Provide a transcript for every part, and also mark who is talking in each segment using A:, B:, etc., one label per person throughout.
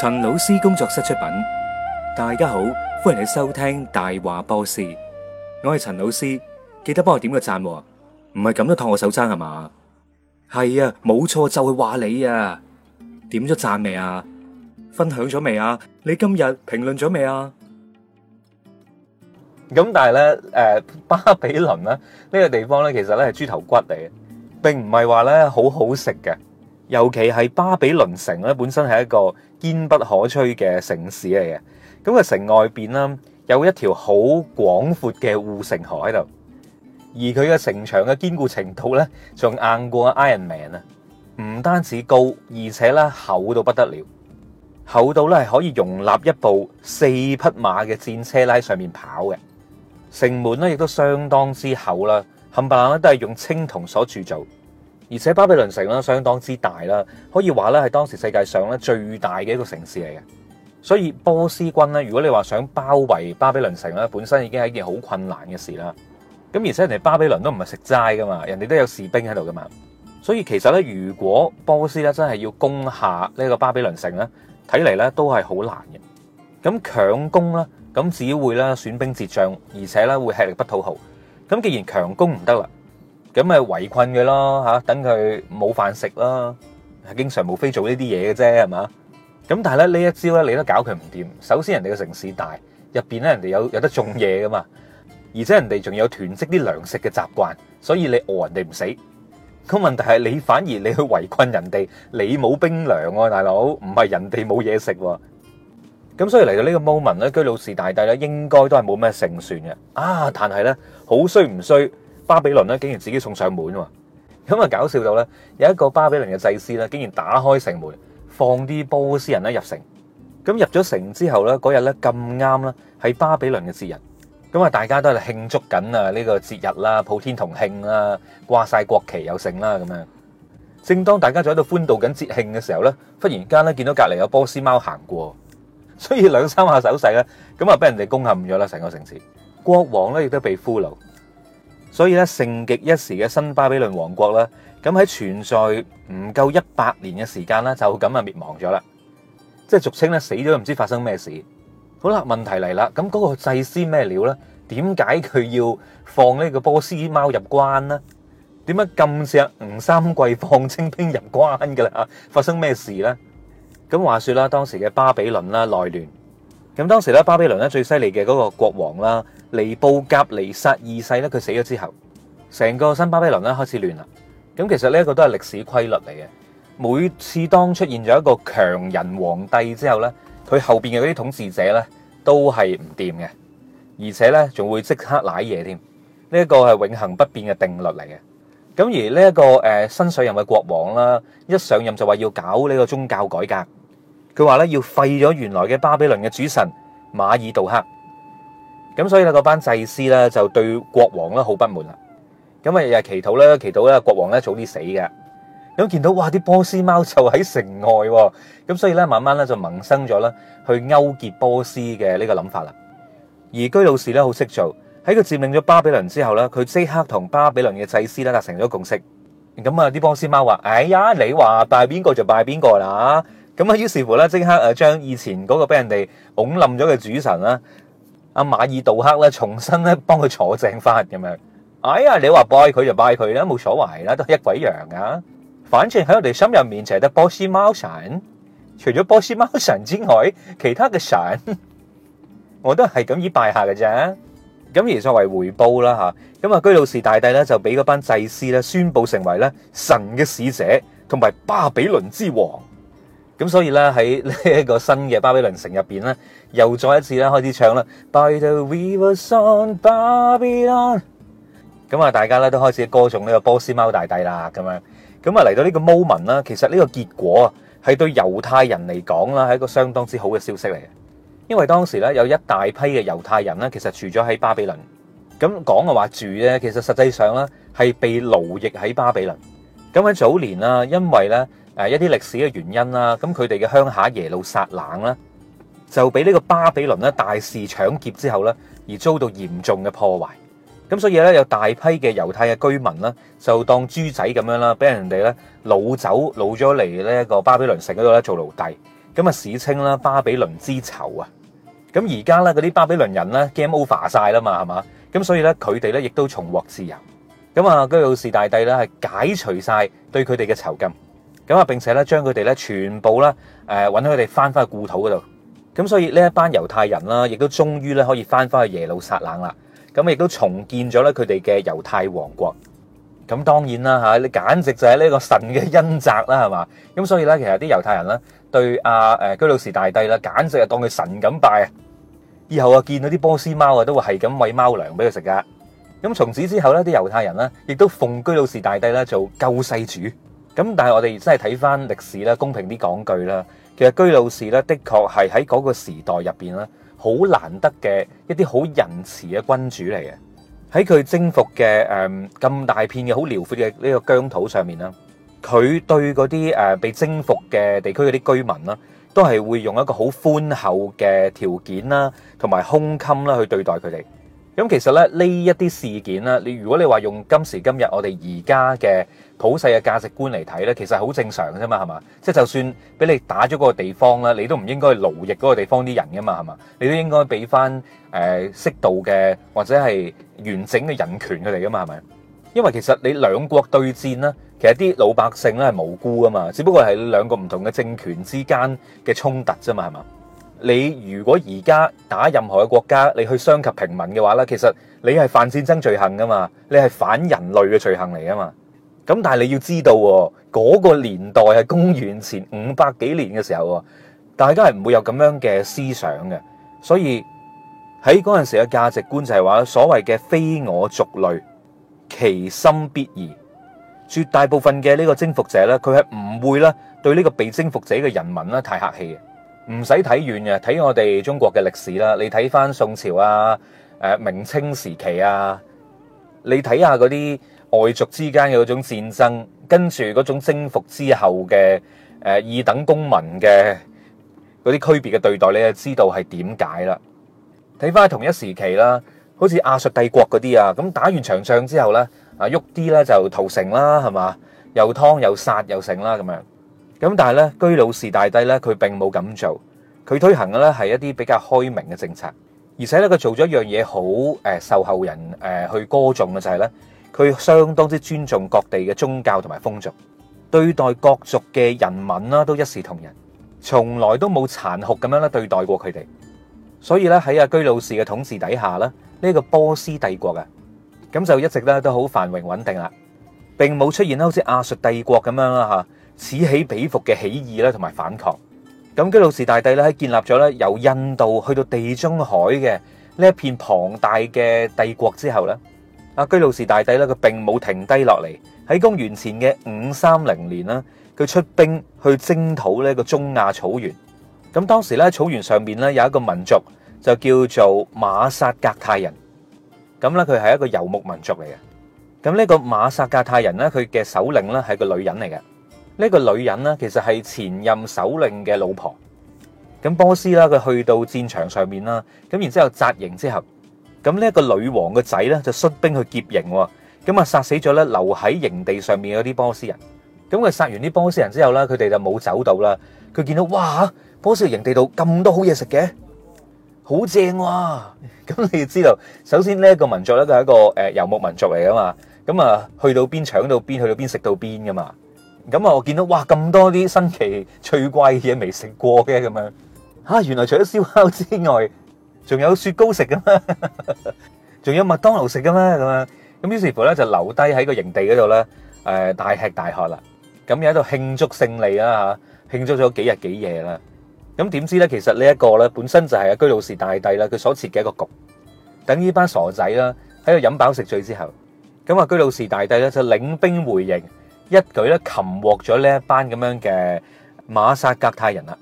A: 陳老師工作室出品，大家好，歡迎你收聽大話波斯。我係陳老師，記得幫我點個讚，唔係咁都托我手踭係嘛？係啊，冇錯就會話你啊，點咗讚未啊？分享咗未啊？你今日評論咗未啊？咁但係咧，誒巴比倫咧呢個地方咧，其實咧係豬頭骨嚟，並唔係話咧好好食嘅。尤其係巴比倫城咧，本身係一個堅不可摧嘅城市嚟嘅。咁個城外邊啦，有一條好廣闊嘅護城河喺度，而佢嘅城牆嘅堅固程度咧，仲硬過 Iron Man 啊！唔單止高，而且咧厚到不得了，厚到咧係可以容納一部四匹馬嘅戰車喺上面跑嘅。城門咧亦都相當之厚啦，冚唪唥咧都係用青銅所鑄造。而且巴比倫城咧相當之大啦，可以話咧係當時世界上咧最大嘅一個城市嚟嘅。所以波斯軍咧，如果你話想包圍巴比倫城咧，本身已經係一件好困難嘅事啦。咁而且人哋巴比倫都唔係食齋噶嘛，人哋都有士兵喺度噶嘛。所以其實咧，如果波斯咧真係要攻下呢個巴比倫城咧，睇嚟咧都係好難嘅。咁強攻咧，咁只會咧損兵折將，而且咧會吃力不討好。咁既然強攻唔得啦。咁咪圍困佢咯吓，等佢冇飯食啦，係經常無非做呢啲嘢嘅啫係嘛。咁但係咧呢一招咧，你都搞佢唔掂。首先人哋嘅城市大，入邊咧人哋有有得種嘢噶嘛，而且人哋仲有囤積啲糧食嘅習慣，所以你餓人哋唔死。咁問題係你反而你去圍困人哋，你冇兵糧啊，大佬，唔係人哋冇嘢食。咁所以嚟到呢個 moment 咧，居魯士大帝咧應該都係冇咩勝算嘅。啊，但係咧好衰唔衰？巴比倫咧，竟然自己送上門喎，咁啊搞笑到咧，有一個巴比倫嘅祭司咧，竟然打開城門，放啲波斯人咧入城。咁入咗城之後咧，嗰日咧咁啱啦，係巴比倫嘅節日，咁啊大家都係慶祝緊啊呢個節日啦，普天同慶啦，掛晒國旗有盛啦咁樣。正當大家就喺度歡度緊節慶嘅時候咧，忽然間咧見到隔籬有波斯貓行過，所以兩三下手勢咧，咁啊俾人哋攻陷咗啦成個城市，國王咧亦都被俘虜。所以咧，盛極一時嘅新巴比倫王國咧，咁喺存在唔夠一百年嘅時間啦，就咁啊滅亡咗啦，即係俗稱咧死咗，唔知發生咩事。好啦，問題嚟啦，咁嗰個祭司咩料咧？點解佢要放呢個波斯貓入關呢？點解咁似吳三桂放清兵入關噶啦？發生咩事咧？咁話說啦，當時嘅巴比倫啦內亂，咁當時咧巴比倫咧最犀利嘅嗰個國王啦。尼布甲尼撒二世咧，佢死咗之後，成個新巴比倫咧開始亂啦。咁其實呢一個都係歷史規律嚟嘅。每次當出現咗一個強人皇帝之後呢，佢後邊嘅嗰啲統治者呢，都係唔掂嘅，而且呢仲會即刻賴嘢添。呢一個係永恆不變嘅定律嚟嘅。咁而呢一個誒新上任嘅國王啦，一上任就話要搞呢個宗教改革。佢話呢要廢咗原來嘅巴比倫嘅主神馬爾杜克。咁所以咧，嗰班祭司咧就對國王咧好不滿啦。咁啊日日祈禱咧，祈禱咧國王咧早啲死嘅。咁見到哇，啲波斯貓就喺城外，咁所以咧慢慢咧就萌生咗呢去勾結波斯嘅呢個諗法啦。而居魯士咧好識做，喺佢佔領咗巴比倫之後咧，佢即刻同巴比倫嘅祭司咧達成咗共識。咁啊，啲波斯貓話：哎呀，你話拜邊個就拜邊個啦。咁啊，於是乎咧即刻誒將以前嗰個俾人哋拱冧咗嘅主神啦。阿馬爾杜克咧，重新咧幫佢坐正翻咁樣，哎呀，你話拜佢就拜佢啦，冇所謂啦，都係一鬼樣噶、啊。反正喺我哋心入面就係得波斯貓神，除咗波斯貓神之外，其他嘅神我都係咁以拜下嘅啫。咁而作為回報啦吓，咁啊居魯士大帝咧就俾嗰班祭司咧宣布成為咧神嘅使者，同埋巴比倫之王。咁所以咧喺呢一個新嘅巴比倫城入邊咧，又再一次咧開始唱啦。By the rivers of Babylon，咁啊，大家咧都開始歌頌呢個波斯貓大帝啦。咁樣，咁啊嚟到呢個 moment 啦，其實呢個結果啊，係對猶太人嚟講啦，係一個相當之好嘅消息嚟嘅。因為當時咧有一大批嘅猶太人咧，其實住咗喺巴比倫，咁講嘅話住咧，其實實際上咧係被奴役喺巴比倫。咁喺早年啦，因為咧。誒一啲歷史嘅原因啦，咁佢哋嘅鄉下耶路撒冷啦，就俾呢個巴比倫咧大肆搶劫之後咧，而遭到嚴重嘅破壞。咁所以咧有大批嘅猶太嘅居民啦，就當豬仔咁樣啦，俾人哋咧老走老咗嚟呢一個巴比倫城嗰度咧做奴隸。咁啊史稱啦巴比倫之囚啊。咁而家咧嗰啲巴比倫人咧 game over 晒啦嘛，係嘛？咁所以咧佢哋咧亦都重獲自由。咁啊居魯士大帝咧係解除晒對佢哋嘅囚禁。咁啊！並且咧，將佢哋咧全部咧，誒，允許佢哋翻返去故土嗰度。咁所以呢一班猶太人啦，亦都終於咧可以翻返去耶路撒冷啦。咁亦都重建咗咧佢哋嘅猶太王國。咁當然啦，嚇你簡直就係呢個神嘅恩澤啦，係嘛？咁所以咧，其實啲猶太人咧對阿誒居魯士大帝咧，簡直係當佢神咁拜啊！以後啊，見到啲波斯貓啊，都會係咁餵貓糧俾佢食噶。咁從此之後咧，啲猶太人咧亦都奉居魯士大帝咧做救世主。咁但係我哋真係睇翻歷史啦，公平啲講句啦，其實居魯士咧，的確係喺嗰個時代入邊啦，好難得嘅一啲好仁慈嘅君主嚟嘅。喺佢征服嘅誒咁大片嘅好遼闊嘅呢個疆土上面啦，佢對嗰啲誒被征服嘅地區嗰啲居民啦，都係會用一個好寬厚嘅條件啦，同埋胸襟啦去對待佢哋。咁其實咧，呢一啲事件呢，你如果你話用今時今日我哋而家嘅普世嘅價值觀嚟睇咧，其實好正常噶啫嘛，係嘛？即係就算俾你打咗個地方啦，你都唔應該勞役嗰個地方啲人噶嘛，係嘛？你都應該俾翻誒適度嘅或者係完整嘅人權佢哋噶嘛，係咪？因為其實你兩國對戰呢，其實啲老百姓咧係無辜噶嘛，只不過係兩個唔同嘅政權之間嘅衝突啫嘛，係嘛？你如果而家打任何嘅國家，你去傷及平民嘅話呢，其實你係犯戰爭罪行噶嘛，你係反人類嘅罪行嚟噶嘛。咁但係你要知道喎，嗰個年代係公元前五百幾年嘅時候，大家係唔會有咁樣嘅思想嘅。所以喺嗰陣時嘅價值觀就係話，所謂嘅非我族類，其心必異。絕大部分嘅呢個征服者呢，佢係唔會咧對呢個被征服者嘅人民咧太客氣嘅。唔使睇遠嘅，睇我哋中國嘅歷史啦。你睇翻宋朝啊，明清時期啊，你睇下嗰啲外族之間嘅嗰種戰爭，跟住嗰種征服之後嘅二等公民嘅嗰啲區別嘅對待，你就知道係點解啦。睇翻同一時期啦，好似亞述帝國嗰啲啊，咁打完場仗之後咧，啊喐啲咧就屠城啦，係嘛？又劏又殺又城啦咁樣。咁但係咧，居魯士大帝咧，佢並冇咁做，佢推行嘅咧係一啲比較開明嘅政策，而且咧佢做咗一樣嘢好受後人去歌頌嘅就係咧，佢相當之尊重各地嘅宗教同埋風俗，對待各族嘅人民啦都一視同仁，從來都冇殘酷咁樣咧對待過佢哋，所以咧喺阿居魯士嘅統治底下咧，呢個波斯帝國啊，咁就一直咧都好繁榮穩定啦，並冇出現好似亞述帝國咁樣啦吓此起彼伏嘅起義咧，同埋反抗。咁，居魯士大帝咧喺建立咗咧由印度去到地中海嘅呢一片龐大嘅帝國之後咧，阿居魯士大帝咧佢並冇停低落嚟，喺公元前嘅五三零年啦，佢出兵去征討呢個中亞草原。咁當時咧草原上面咧有一個民族就叫做馬薩格泰人。咁咧佢係一個遊牧民族嚟嘅。咁呢個馬薩格泰人咧佢嘅首領咧係個女人嚟嘅。呢、這個女人呢，其實係前任首領嘅老婆。咁波斯啦，佢去到戰場上面啦，咁然之後紮營之後，咁呢一個女王嘅仔呢，就率兵去劫營，咁啊殺死咗呢留喺營地上面嗰啲波斯人。咁佢殺完啲波斯人之後呢，佢哋就冇走到啦。佢見到哇，波斯營地道咁多好嘢食嘅，好正喎。咁你知道，首先呢一個民族呢，佢係一個誒、呃、遊牧民族嚟噶嘛。咁啊去到邊搶到邊，去到邊食到邊噶嘛。咁啊！我見到哇咁多啲新奇、趣怪嘅嘢未食過嘅咁樣，嚇！原來除咗燒烤之外，仲有雪糕食㗎嘛，仲有麥當勞食㗎嘛。咁啊！咁於是乎咧就留低喺個營地嗰度咧，誒大吃大喝啦！咁又喺度慶祝勝利啦嚇，慶祝咗幾日幾夜啦！咁點知咧，其實呢一個咧本身就係阿居魯士大帝啦，佢所設嘅一個局，等呢班傻仔啦喺度飲飽食醉之後，咁阿居魯士大帝咧就領兵回營。一舉咧擒獲咗呢一班咁樣嘅馬薩格泰人啦，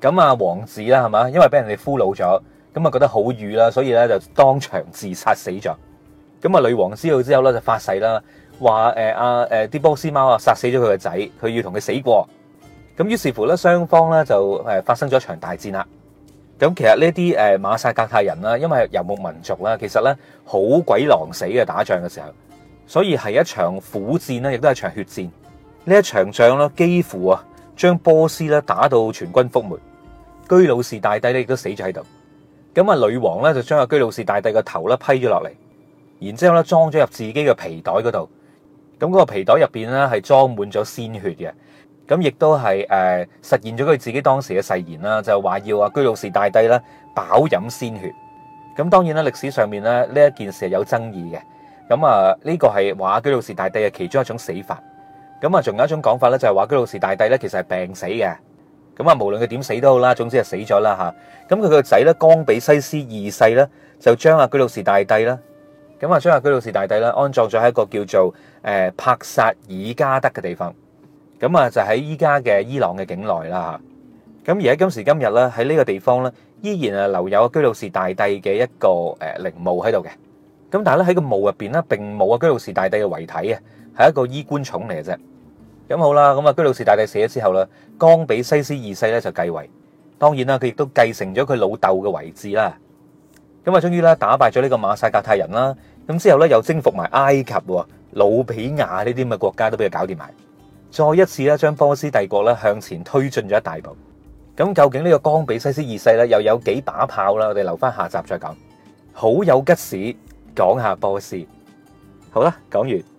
A: 咁啊王子啦係嘛，因為俾人哋俘虜咗，咁啊覺得好瘀啦，所以咧就當場自殺死咗。咁啊女王知道之後咧就發誓啦，話誒阿誒啲波斯貓啊殺死咗佢個仔，佢要同佢死過。咁於是乎咧雙方咧就誒發生咗一場大戰啦。咁其實呢啲誒馬薩格泰人啦，因為游牧民族啦，其實咧好鬼狼死嘅打仗嘅時候。所以係一場苦戰啦，亦都係一場血戰。呢一場仗啦，幾乎啊將波斯咧打到全軍覆沒。居魯士大帝咧亦都死咗喺度。咁啊，女王咧就將阿居魯士大帝個頭咧批咗落嚟，然之後咧裝咗入自己嘅皮袋嗰度。咁嗰個皮袋入邊咧係裝滿咗鮮血嘅。咁亦都係誒實現咗佢自己當時嘅誓言啦，就話要阿居魯士大帝咧飽飲鮮血。咁當然啦，歷史上面咧呢一件事係有爭議嘅。咁啊，呢個係話居魯士大帝嘅其中一種死法。咁啊，仲有一種講法咧，就係話居魯士大帝咧，其實係病死嘅。咁啊，無論佢點死都好啦，總之係死咗啦，吓。咁佢個仔咧，岡比西斯二世咧，就將阿居魯士大帝啦，咁啊，將阿居魯士大帝啦安葬咗喺一個叫做誒帕薩爾加德嘅地方。咁啊，就喺依家嘅伊朗嘅境內啦，吓。咁而家今時今日咧，喺呢個地方咧，依然啊留有阿居魯士大帝嘅一個誒陵墓喺度嘅。咁但係咧，喺個墓入邊咧，並冇啊居魯士大帝嘅遺體啊，係一個衣冠冢嚟嘅啫。咁好啦，咁啊居魯士大帝死咗之後啦，岡比西斯二世咧就繼位，當然啦，佢亦都繼承咗佢老豆嘅位置啦。咁啊，終於咧打敗咗呢個馬薩格泰人啦。咁之後咧又征服埋埃及、努比亞呢啲咁嘅國家，都俾佢搞掂埋。再一次咧，將波斯帝國咧向前推進咗一大步。咁究竟呢個岡比西斯二世咧又有幾把炮啦？我哋留翻下集再講。好有吉事。講下波士。好啦，講完。